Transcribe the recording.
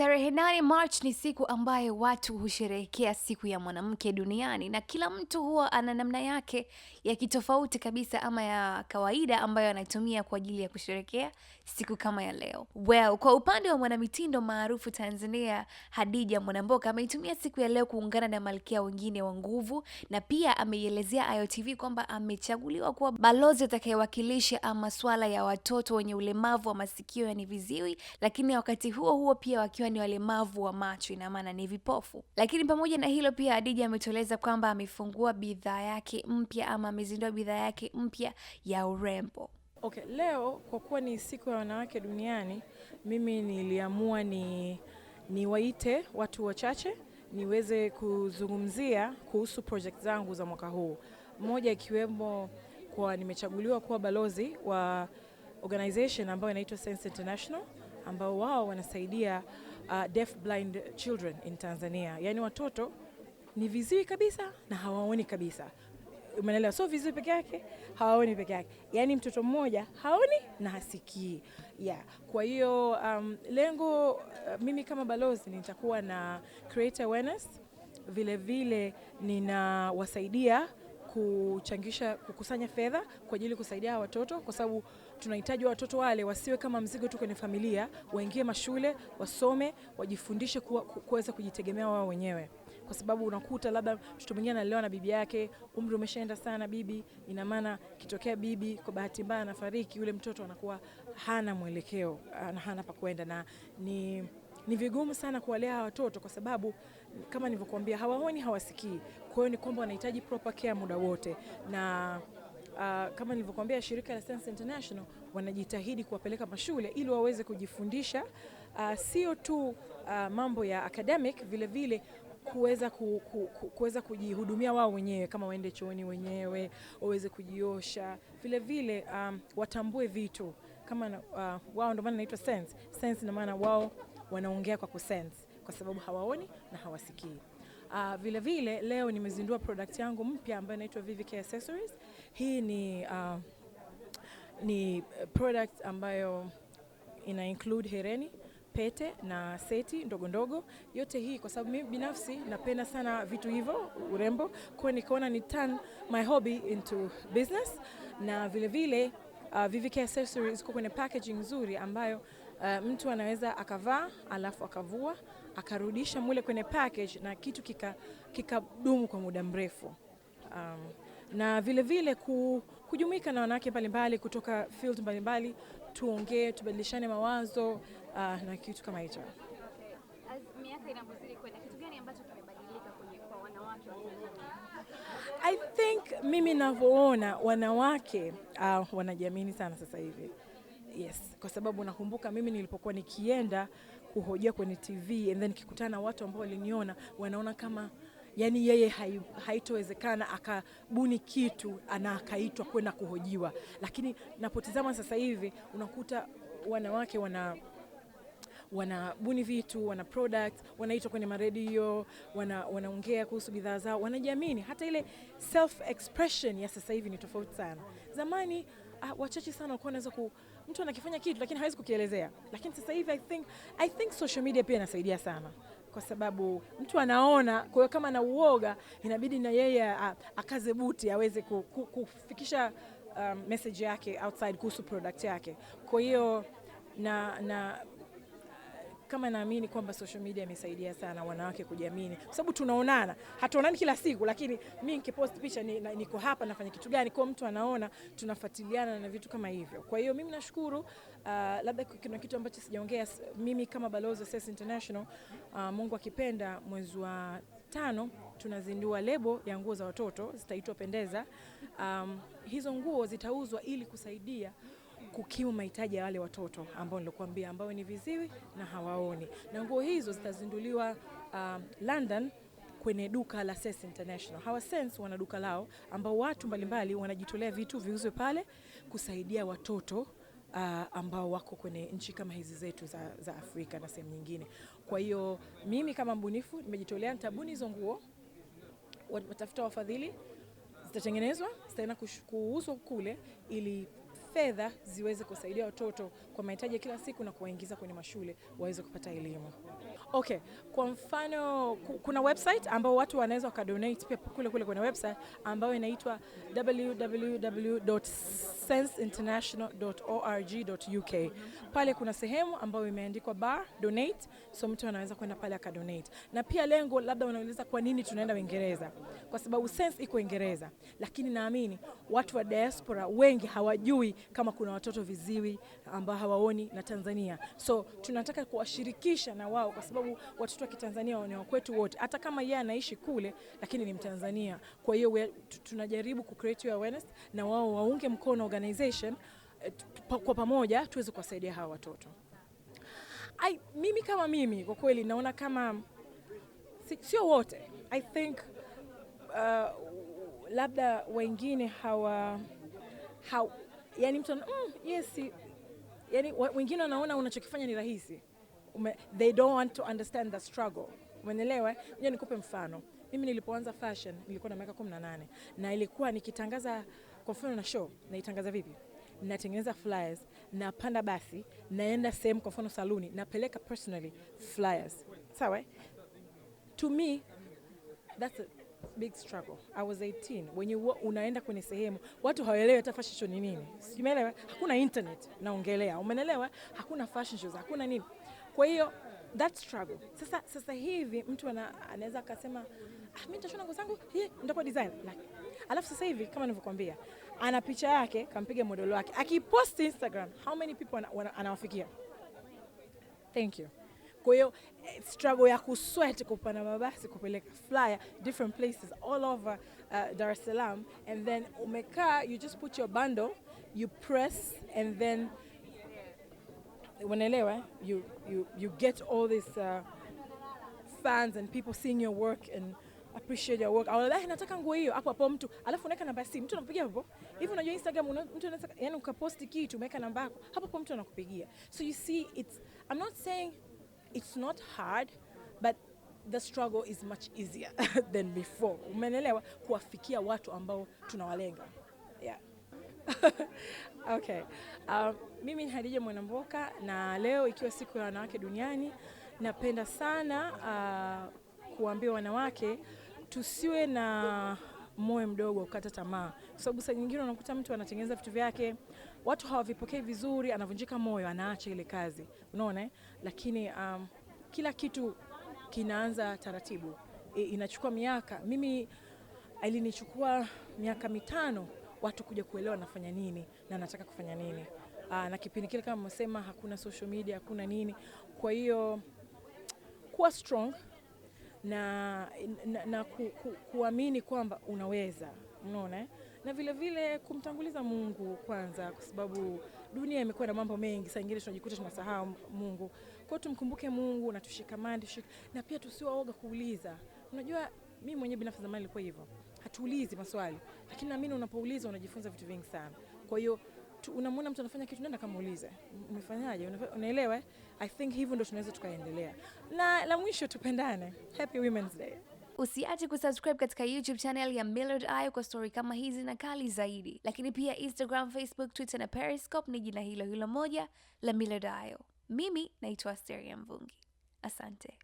Tarehe nane March ni siku ambayo watu husherehekea siku ya mwanamke duniani, na kila mtu huwa ana namna yake ya kitofauti kabisa ama ya kawaida ambayo anatumia kwa ajili ya kusherehekea siku kama ya leo. Well, kwa upande wa mwanamitindo maarufu Tanzania, hadija Mwanamboka ameitumia siku ya leo kuungana na malkia wengine wa nguvu, na pia ameielezea IOTV kwamba amechaguliwa kuwa balozi atakayewakilisha masuala ya watoto wenye ulemavu wa masikio, yani viziwi, lakini wakati huo huo pia wakiwa ni walemavu wa macho, ina maana ni vipofu. Lakini pamoja na hilo pia Hadija ametueleza kwamba amefungua bidhaa yake mpya ama amezindua bidhaa yake mpya ya urembo. Okay, leo kwa kuwa ni siku ya wanawake duniani, mimi niliamua ni niwaite watu wachache niweze kuzungumzia kuhusu project zangu za mwaka huu, moja ikiwemo kwa nimechaguliwa kuwa balozi wa organization ambayo inaitwa Sense International ambao wao wanasaidia uh, deaf blind children in Tanzania, yaani watoto ni viziwi kabisa na hawaoni kabisa. Umeelewa? Sio viziwi peke yake, hawaoni peke yake, yaani mtoto mmoja haoni na hasikii. Yeah. Kwa hiyo um, lengo uh, mimi kama balozi nitakuwa na create awareness, vile vile ninawasaidia kuchangisha kukusanya fedha kwa ajili kusaidia watoto, kwa sababu tunahitaji watoto wale wasiwe kama mzigo tu kwenye familia, waingie mashule, wasome, wajifundishe kuweza kujitegemea wao wenyewe, kwa sababu unakuta labda mtoto mwingine analelewa na bibi yake, umri umeshaenda sana bibi, ina maana kitokea bibi kwa bahati mbaya anafariki, yule mtoto anakuwa hana mwelekeo, hana pa kwenda, na ni, ni vigumu sana kuwalea watoto kwa sababu kama nilivyokuambia, hawaoni hawasikii. Kwa hiyo ni kwamba wanahitaji proper care muda wote na Uh, kama nilivyokuambia shirika la Sense International wanajitahidi kuwapeleka mashule ili waweze kujifundisha uh, sio uh, tu uh, mambo ya academic, vile vile kuweza ku, ku, kuweza kujihudumia wao wenyewe, kama waende chooni wenyewe, waweze kujiosha vile vile, um, watambue vitu kama uh, wao ndio maana naitwa sense. Sense ina maana wao wanaongea kwa kusense kwa sababu hawaoni na hawasikii. Uh, vile vile leo nimezindua product yangu mpya ambayo inaitwa VVK Accessories. Hii ni, uh, ni product ambayo ina include hereni pete na seti ndogo ndogo, yote hii kwa sababu mimi binafsi napenda sana vitu hivyo urembo, kwa nikaona ni turn my hobby into business, na vilevile vile, uh, ah, VVK Accessories iko kwenye packaging nzuri ambayo Uh, mtu anaweza akavaa alafu akavua akarudisha mule kwenye package na kitu kikadumu kika kwa muda mrefu um, na vilevile vile ku, kujumuika na wanawake mbalimbali kutoka field mbalimbali, tuongee tubadilishane mawazo uh, na kitu kama hicho. I think mimi navyoona wanawake uh, wanajiamini sana sasa hivi. Yes, kwa sababu nakumbuka mimi nilipokuwa nikienda kuhojia kwenye TV and then nikikutana na watu ambao waliniona wanaona kama yani yeye haitowezekana akabuni kitu na akaitwa kwenda kuhojiwa, lakini napotizama sasa hivi unakuta wanawake wana wanabuni vitu, wana product, wanaitwa kwenye maredio, wanaongea wana kuhusu bidhaa zao, wanajiamini. Hata ile self expression ya sasa hivi ni tofauti sana. Zamani uh, wachache sana walikuwa wanaweza mtu anakifanya kitu lakini hawezi kukielezea. Lakini sasa hivi I think, I think social media pia inasaidia sana kwa sababu mtu anaona. Kwa hiyo kama na uoga, inabidi na yeye akaze buti aweze kufikisha um, message yake outside kuhusu product yake. Kwa hiyo na, na kama naamini kwamba social media imesaidia sana wanawake kujiamini, kwa sababu tunaonana, hatuonani kila siku, lakini mimi nikipost picha ni, na, niko hapa nafanya kitu gani, kwa mtu anaona, tunafuatiliana na vitu kama hivyo. Kwa hiyo mimi nashukuru uh, labda kuna kitu ambacho sijaongea mimi kama balozi wa International uh, Mungu akipenda mwezi wa tano tunazindua lebo ya nguo za watoto zitaitwa Pendeza. Um, hizo nguo zitauzwa ili kusaidia kukimu mahitaji ya wale watoto ambao nilikuambia, ambao ni viziwi na hawaoni. Na nguo hizo zitazinduliwa uh, London kwenye duka la Sense International. Hawa Sense wana duka lao ambao watu mbalimbali wanajitolea vitu viuzwe pale kusaidia watoto uh, ambao wako kwenye nchi kama hizi zetu za, za Afrika na sehemu nyingine. Kwa hiyo mimi kama mbunifu nimejitolea, nitabuni hizo nguo, watafuta wafadhili, zitatengenezwa, zitaenda kuuzwa kule ili fedha ziweze kusaidia watoto kwa mahitaji ya kila siku na kuwaingiza kwenye mashule waweze kupata elimu. Okay, kwa mfano kuna website ambao watu wanaweza wakadonate pia kule kule kwenye website ambayo inaitwa www.senseinternational.org.uk. Pale kuna sehemu ambayo imeandikwa bar donate, so mtu anaweza kwenda pale akadonate. Na pia lengo, labda unauliza kwa nini tunaenda Uingereza? Kwa sababu Sense iko Uingereza, lakini naamini watu wa diaspora wengi hawajui kama kuna watoto viziwi ambao hawaoni na Tanzania. So tunataka kuwashirikisha na wao, kwa sababu watoto wa Kitanzania ni wa kwetu wote, hata kama yeye anaishi kule, lakini ni Mtanzania. Kwa hiyo tunajaribu ku create awareness na wao waunge mkono organization eh, kwa pamoja tuweze kuwasaidia hawa watoto. I, mimi kama mimi kwa kweli naona kama sio wote I think uh, labda wengine hawa, hawa yani mtu mm, yes, yani wengine wanaona unachokifanya ni rahisi. Ume, they don't want to understand the struggle. Umeelewa? Je, nikupe mfano. Mimi nilipoanza fashion nilikuwa na miaka 18 na ilikuwa nikitangaza kwa mfano na show, naitangaza vipi? Natengeneza flyers, napanda basi, naenda sehemu kwa mfano saluni, napeleka personally flyers. Sawa? To me that's a, big struggle. I was 18. When you unaenda kwenye sehemu watu hawaelewi hata fashion show ni nini. Simeelewa? Hakuna internet naongelea. Umeelewa? Hakuna fashion shows, hakuna nini. Kwa hiyo that struggle. Sasa sasa hivi mtu anaweza akasema ah, mimi nitashona nguo zangu, hii design like. Alafu sasa hivi kama nilivyokuambia, ana picha yake, kampiga model wake. Akipost Instagram, how many people anawafikia? Thank you. Kwa hiyo eh, struggle ya kusweat kupanda mabasi kupeleka flyer different places all over uh, Dar es Salaam and then umekaa, you just put your bundle, you press and then unaelewa, you, you, you get all these uh, fans and people seeing your work and appreciate your work. Au nataka nguo hiyo hapo hapo mtu, alafu unaweka namba ya simu, mtu anakupigia hapo. Hivi unajua Instagram mtu anaweza yani ukaposti kitu umeweka namba yako, hapo hapo mtu anakupigia. So you see it's I'm not saying it's not hard but the struggle is much easier than before. Umenelewa kuwafikia watu ambao tunawalenga. Yeah. Okay. Um, mimi ni Hadija Mwanamboka na leo ikiwa siku ya wanawake duniani napenda sana uh, kuambia wanawake tusiwe na moyo mdogo, kukata tamaa, kwa sababu saa nyingine unakuta mtu anatengeneza vitu vyake watu hawavipokei vizuri, anavunjika moyo, anaacha ile kazi, unaona. Lakini um, kila kitu kinaanza taratibu e, inachukua miaka. Mimi ilinichukua miaka mitano watu kuja kuelewa nafanya nini na nataka kufanya nini. Aa, ah, na kipindi kile kama mmesema, hakuna social media, hakuna nini. Kwa hiyo kuwa strong na, na, na ku, ku, kuamini kwamba unaweza, unaona na vilevile vile kumtanguliza Mungu kwanza, kwa sababu dunia imekuwa na mambo mengi, saa nyingine tunajikuta tunasahau Mungu. Kwa hiyo tumkumbuke Mungu na tushikamane, na pia tusiwaoga kuuliza. Unajua, mimi mwenyewe binafsi zamani nilikuwa hivyo, hatuulizi maswali, lakini naamini unapouliza unajifunza vitu vingi sana. Kwa hiyo unamwona mtu anafanya kitu, nenda kamuulize, umefanyaje? Unaelewa? I think hivyo ndo tunaweza tukaendelea. Na la mwisho, tupendane. Happy Women's Day. Usiache kusubscribe katika YouTube channel ya Millard Ayo kwa stori kama hizi na kali zaidi, lakini pia Instagram, Facebook, Twitter na Periscope ni jina hilo hilo moja la Millard io Mimi naitwa Asteria Mvungi, asante.